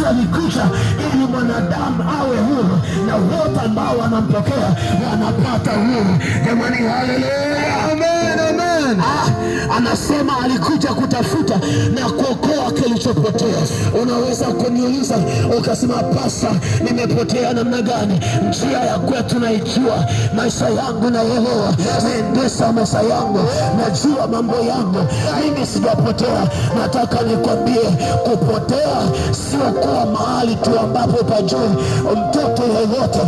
Yesu alikuja ili mwanadamu awe huru na wote ambao wanampokea wanapata huru. Jamani, haleluya, amen, amen. Bwana anasema alikuja kutafuta na kuokoa kilichopotea. Unaweza kuniuliza ukasema, pasa, nimepotea namna gani? Njia ya kwetu naijua, maisha yangu naelewa, naendesa maisha yangu, najua mambo yangu, mimi sijapotea. Nataka nikwambie, kupotea sio kuwa mahali tu ambapo pajui. Mtoto yeyote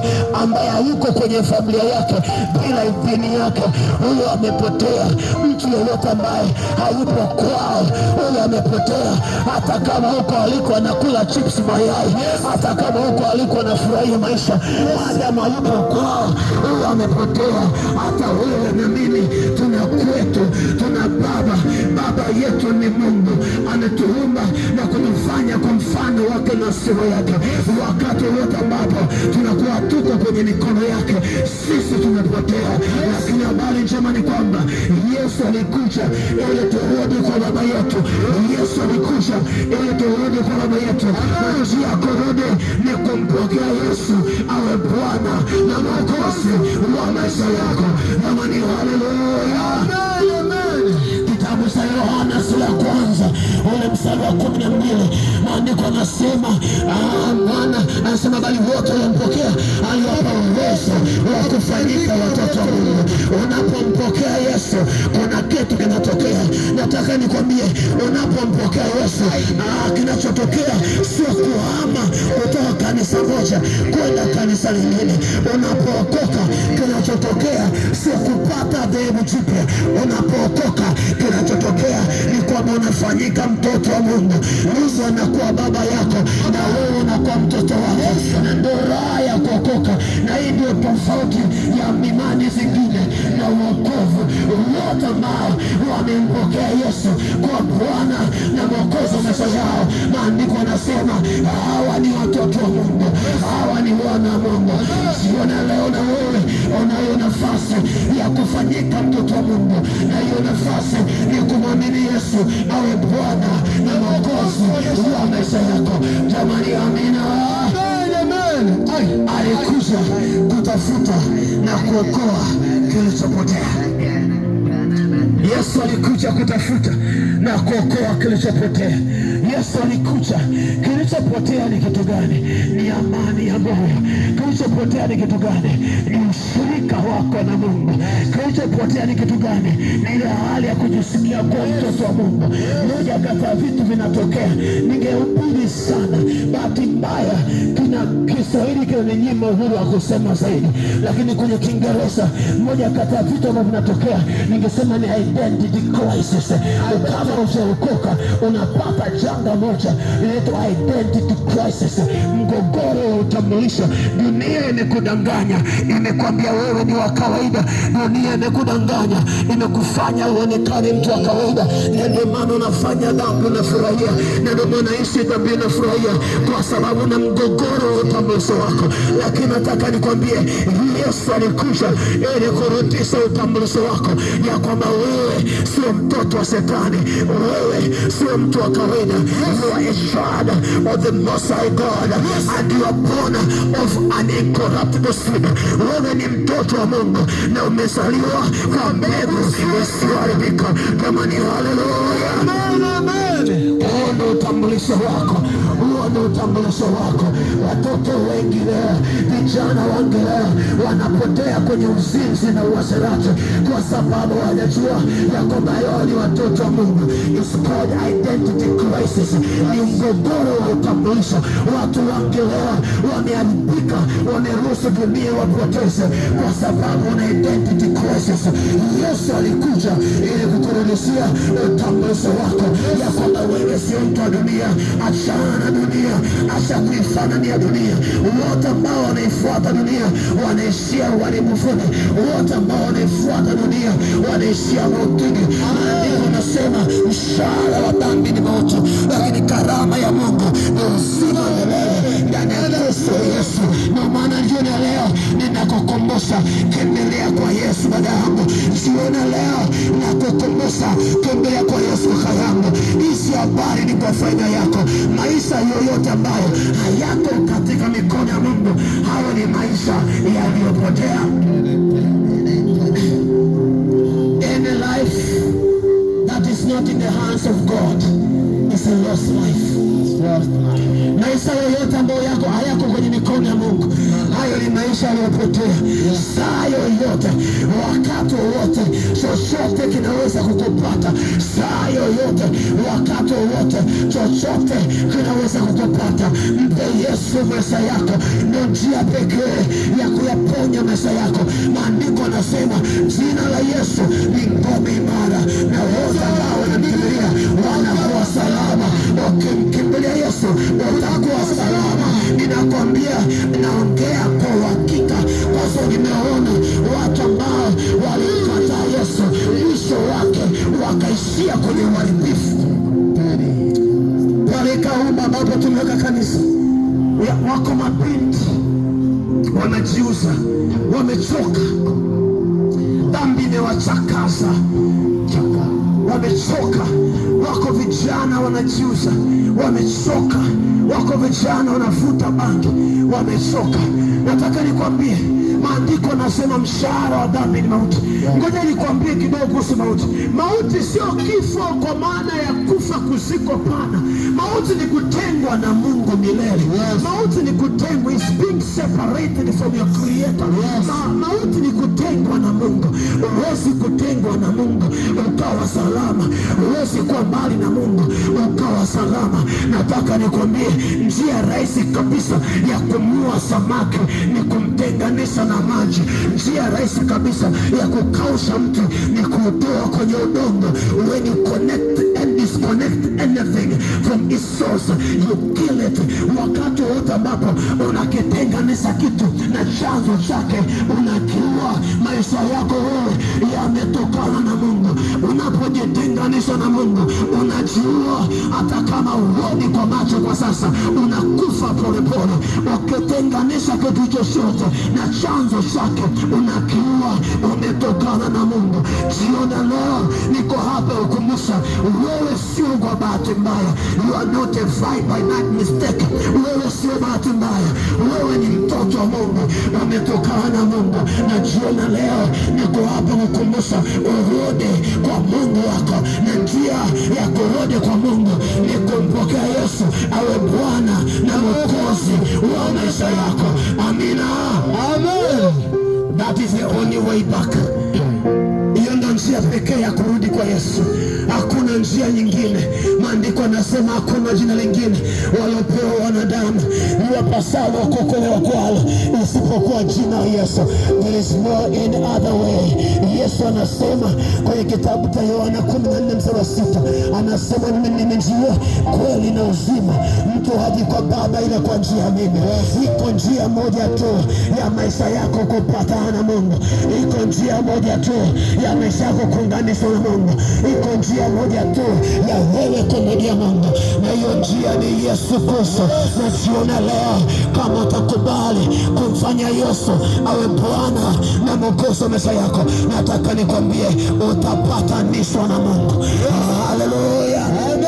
ambaye hayuko kwenye familia yake bila idhini yake, huyo amepotea mtu yeyote ambaye hayupo kwao, huyo amepotea. Hata kama huko aliko anakula chips mayai, hata kama huko aliko anafurahia maisha, maadamu hayupo kwao, huyo amepotea. Hata wewe na mimi tuna kwetu, tuna baba. Baba yetu ni Mungu, ametuumba na kutufanya kwa mfano wake na sura yake. Wakati wote ambapo tunakuwa tuko kwenye mikono yake, sisi tumepotea. Yesu alikuja ili turudi kwa baba yetu. Yesu alikuja ili turudi kwa baba yetu, njia ya kurudi ni kumpokea Yesu awe Bwana na Mwokozi wa maisha yako. Amani, haleluya. Kitabu cha Yohana sura ya kwanza ule mstari wa kumi na mbili maandiko anasema, ah, Bwana anasema bali wote kufanyika watoto wa Mungu. Unapompokea Yesu kuna kitu kinatokea. Nataka nikwambie, unapompokea Yesu ah, kinachotokea sio kuhama kutoka kanisa moja kwenda kanisa lingine. Unapookoka kinachotokea sio kupata dhehebu jipya. Unapookoka kinachotokea ni kwamba unafanyika mtoto wa Mungu. Yesu anakuwa baba yako na wewe unakuwa mtoto wake, ndio raha ya kuokoka, na hii ndio tofauti ya imani zingine na uokovu. Wote ambao wamempokea Yesu kwa Bwana na Mwokozi wa maisha yao, maandiko anasema hawa ni watoto wa Mungu ni mwana wa Mungu. Siona leo na wewe unayo nafasi ya kufanyika mtoto wa Mungu, na hiyo nafasi ni kumwamini Yesu awe Bwana na Mwokozi wa maisha yako. Jamani, amina. Alikuja kutafuta na kuokoa kilichopotea. Yesu alikuja kutafuta na kuokoa kilichopotea. Yesu alikuja. Kilichopotea ni kitu gani? Ni amani ya moyo. Kilichopotea ni kitu gani? Ni ushirika wako na Mungu. Kilichopotea ni kitu gani? Ni ile hali ya kujisikia kwa mtoto wa Mungu. Moja kati ya vitu vinatokea, ningehubiri sana, bahati mbaya kina Kiswahili kinaninyima uhuru wa kusema zaidi, lakini kwenye Kiingereza moja kati ya vitu ambavyo vinatokea ningesema ni identity crisis. Kama ujaokoka unapata upande moja inaitwa identity crisis, mgogoro wa utambulisho. Dunia imekudanganya, imekwambia wewe ni wa kawaida. Dunia imekudanganya, imekufanya uonekane mtu wa kawaida, na ndio maana unafanya dhambi unafurahia, na ndio maana ishi dhambi unafurahia, kwa sababu na mgogoro wa utambulisho wako. Lakini nataka nikwambie, Yesu alikuja ili kurudisha utambulisho wako ya kwamba wewe sio mtoto wa Shetani, wewe sio mtu wa kawaida you are a shroud of the Most High God and you are born of an incorruptible seed. Wewe ni mtoto wa Mungu na umezaliwa kwa mbegu isiyoharibika. Kama ni haleluya, huo ndio utambulisho wako, huo ndio utambulisho wako. Watoto wengi leo, vijana wangi leo wanapotea kwenye uzinzi na uasherati, kwa sababu wanajua ya kwamba wao ni watoto wa Mungu. It's called identity crisis, ni mgogoro wa utambulisho. Watu wakilewa wameharibika, wameruhusu dunia wapoteze, kwa sababu na identity crisis. Yesu alikuja ili kukurudishia utambulisho wako ya kwamba asiyoitwa dunia, achana dunia, acha kuifanania dunia. Wote ambao wanaifuata dunia wanaishia uharibufuni, wote ambao wanaifuata dunia wanaishia mautini. Ndio nasema mshahara wa dhambi ni mauti, lakini karama ya Mungu ni uzima milele ndani ya Kristo Yesu. Ndio maana jioni ya leo ninakukumbusha, kendelea kwa Yesu dada yangu. Jioni leo nakukumbusha, kendelea kwa Yesu kaka yangu habari ni kwa faida yako. Maisha yoyote ambayo hayako katika mikono ya Mungu, hayo ni maisha yaliyopotea. Any life that is not in the hands of God is a lost life. Maisha yoyote ambayo yako hayako kwenye mikono ya Mungu ni maisha yaliyopotea. Saa yoyote, wakati wowote, chochote kinaweza kukupata. Saa yoyote, wakati wowote, chochote kinaweza kukupata. Mpe Yesu maisha yako, ndio njia pekee ya kuyaponya maisha yako. Maandiko anasema jina la Yesu ni ngome imara, na wote ambao wanamkimbilia wanakuwa salama. wakimkimbilia Yesu watakuwa salama ninakwambia, naongea kwa uhakika, kwa sababu nimeona watu ambao walimkataa Yesu mwisho wake wakaishia kwenye uharibifu. Walikaumba ambapo tumeweka kanisa, wako mabinti wanajiuza, wamechoka, dhambi imewachakaza chaka wamechoka, wako vijana wanajiuza, wamechoka, wako vijana wanavuta bangi, wamechoka. Nataka nikwambie, maandiko anasema mshahara wa dhambi ni mauti. Ngoja nikwambie kidogo kuhusu mauti. Mauti sio kifo kwa maana ya kufa kusiko pana. Mauti ni kutengwa na Mungu milele. Yes. Mauti ni kutengwa, is being separated from your creator. Yes. Ma, mauti ni kutengwa na Mungu. Huwezi kutengwa na Mungu ukawa salama, huwezi kuwa mbali na Mungu ukawa salama. Nataka nikwambie njia rahisi kabisa ya kumua samaki ni kumtenganisha na maji. Njia rahisi kabisa ya kukausha mti ni kuutoa kwenye udongo. uweni connect disconnect anything from its source, you kill it. Wakati wote ambapo unakitenganisha kitu na chanzo chake, unakiua. Maisha yako wewe yametokana na Mungu. Unapojitenganisha na Mungu unajiua, hata kama uoni kwa macho kwa sasa, unakufa polepole. Ukitenganisha kitu chochote na chanzo chake, unakiua. Umetokana na Mungu. Jiona leo niko hapa kukuonyesha wewe sio kwa bahati mbaya, you are not a fight by night mistake. Wewe sio bahati mbaya, wewe ni mtoto wa Mungu, umetokana na Mungu. Na jiona leo niko hapa kukumbusha urudi kwa Mungu wako, na njia ya kurudi kwa Mungu ni kumpokea Yesu awe Bwana na Mwokozi wa maisha yako. Amina, amen. That is the only way back njia pekee ya kurudi kwa Yesu. Hakuna hakuna njia nyingine. Maandiko anasema hakuna jina lingine waliopewa wanadamu pasalo kuokolewa kwalo isipokuwa jina Yesu. There is no any other way. Yesu anasema kwenye kitabu cha Yohana kumi na nne mstari wa sita anasema mimi ni njia, kweli na uzima, mtu haji kwa Baba ila kwa njia mimi. Iko njia moja tu ya maisha yako kupatana na Mungu, iko njia moja tu ya maisha yako kuunganishwa na Mungu, iko njia moja kuu ya wewe kumrudia Mungu, na hiyo njia ni Yesu Kristo. Na jiona leo kama utakubali kumfanya Yesu awe Bwana na Mwokozi wa maisha yako, nataka nikwambie utapatanishwa na Mungu. Haleluya, amen.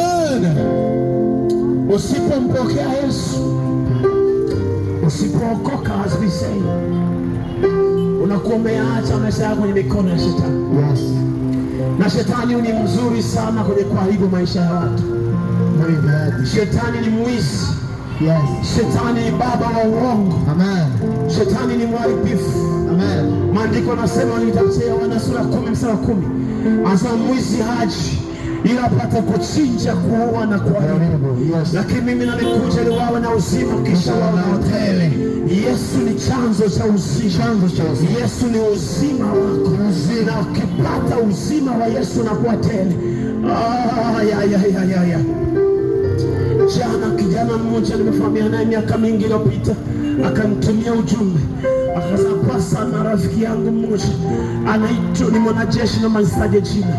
Usipompokea Yesu, usipookoka hasbisei, unakuwa umeacha maisha yako kwenye mikono ya shetani na shetani ni mzuri sana kwenye kuharibu maisha ya watu. Shetani ni mwizi. Yes. Shetani ni baba wa uongo. Amen. Shetani ni mharibifu. Amen. Maandiko anasema nitatia Yohana sura kumi mstari kumi asa mwizi haji ila apate kuchinja, kuua na kuharibu. Yes. Lakini mimi nalikuja uzima kisha wala tele. Yesu ni chanzo cha uzima, Yesu ni uzima wako, na ukipata uzima wa Yesu unakuwa tele. Jana kijana mmoja nimefahamia naye miaka mingi iliyopita, akanitumia ujumbe kwa sana rafiki yangu mmoja anaitwa ni mwanajeshi na masaje jina,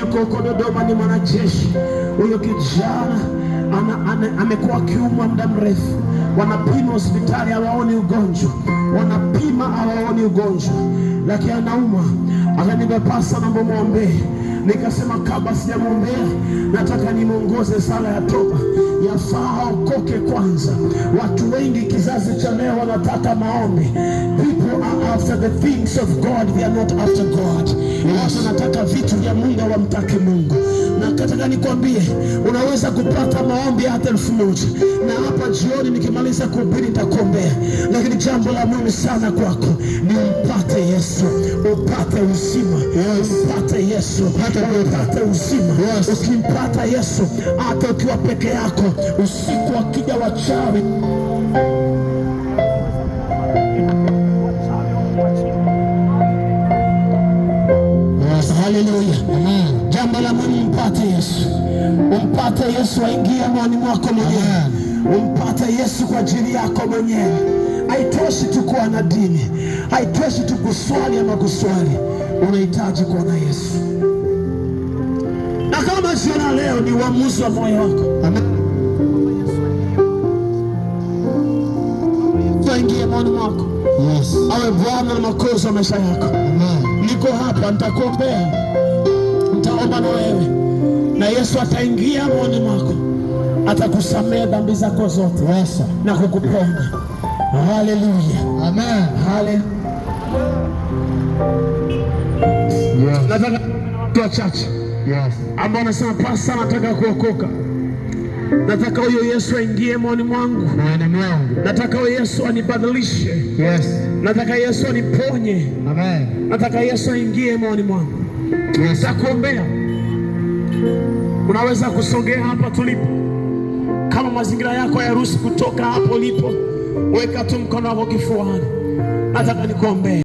yuko huko Dodoma, ni mwanajeshi huyo kijana amekuwa akiumwa muda mrefu, wanapima hospitali hawaoni ugonjwa, wanapima hawaoni ugonjwa, lakini anaumwa. Akanipapasa namba mwombee, nikasema kabla sijamwombea nataka nimwongoze sala ya toba yafaa aokoke kwanza. Watu wengi kizazi cha leo wanataka maombi. People are after the things of God, they are not after God. Watu wanataka vitu vya Mungu, hawamtaki Mungu. Nataka nikwambie unaweza kupata maombi hata elfu moja na hapa jioni nikimaliza kuhubiri nitakuombea, lakini jambo la muhimu sana kwako ni upate Yesu, upate uzima, upate Yesu, upate uzima. Ukimpata Yesu hata ukiwa peke yako, usiku wa wachawi Haleluya. Amen. Jambo la Mungu, mpate Yesu, umpate Yesu aingie moyoni mwako mwenyewe, umpate Yesu kwa ajili yako mwenyewe. Haitoshi tu kuwa na dini, haitoshi tu kuswali ama kuswali, unahitaji kuona Yesu. Na kama na leo ni uamuzi wa moyo wako, aingie moyoni mwako, awe Bwana na Mwokozi wa maisha yako. Niko hapa, nitakuombea atasimama na wewe, na Yesu ataingia moyoni mwako, atakusamea dhambi zako zote na kukuponda. Haleluya, amen, haleluya. Nataka watu wachache ambao nataka kuokoka Nataka huyo Yesu aingie moyoni mwangu, nataka huyo Yesu anibadilishe. Yes. Nataka Yesu aniponye. Amen. Nataka Yesu aingie moyoni mwangu. Tunaweza kuombea, unaweza kusogea hapa tulipo. Kama mazingira yako hayaruhusu kutoka hapo ulipo, weka tu mkono wako kifuani. Nataka nikuombea.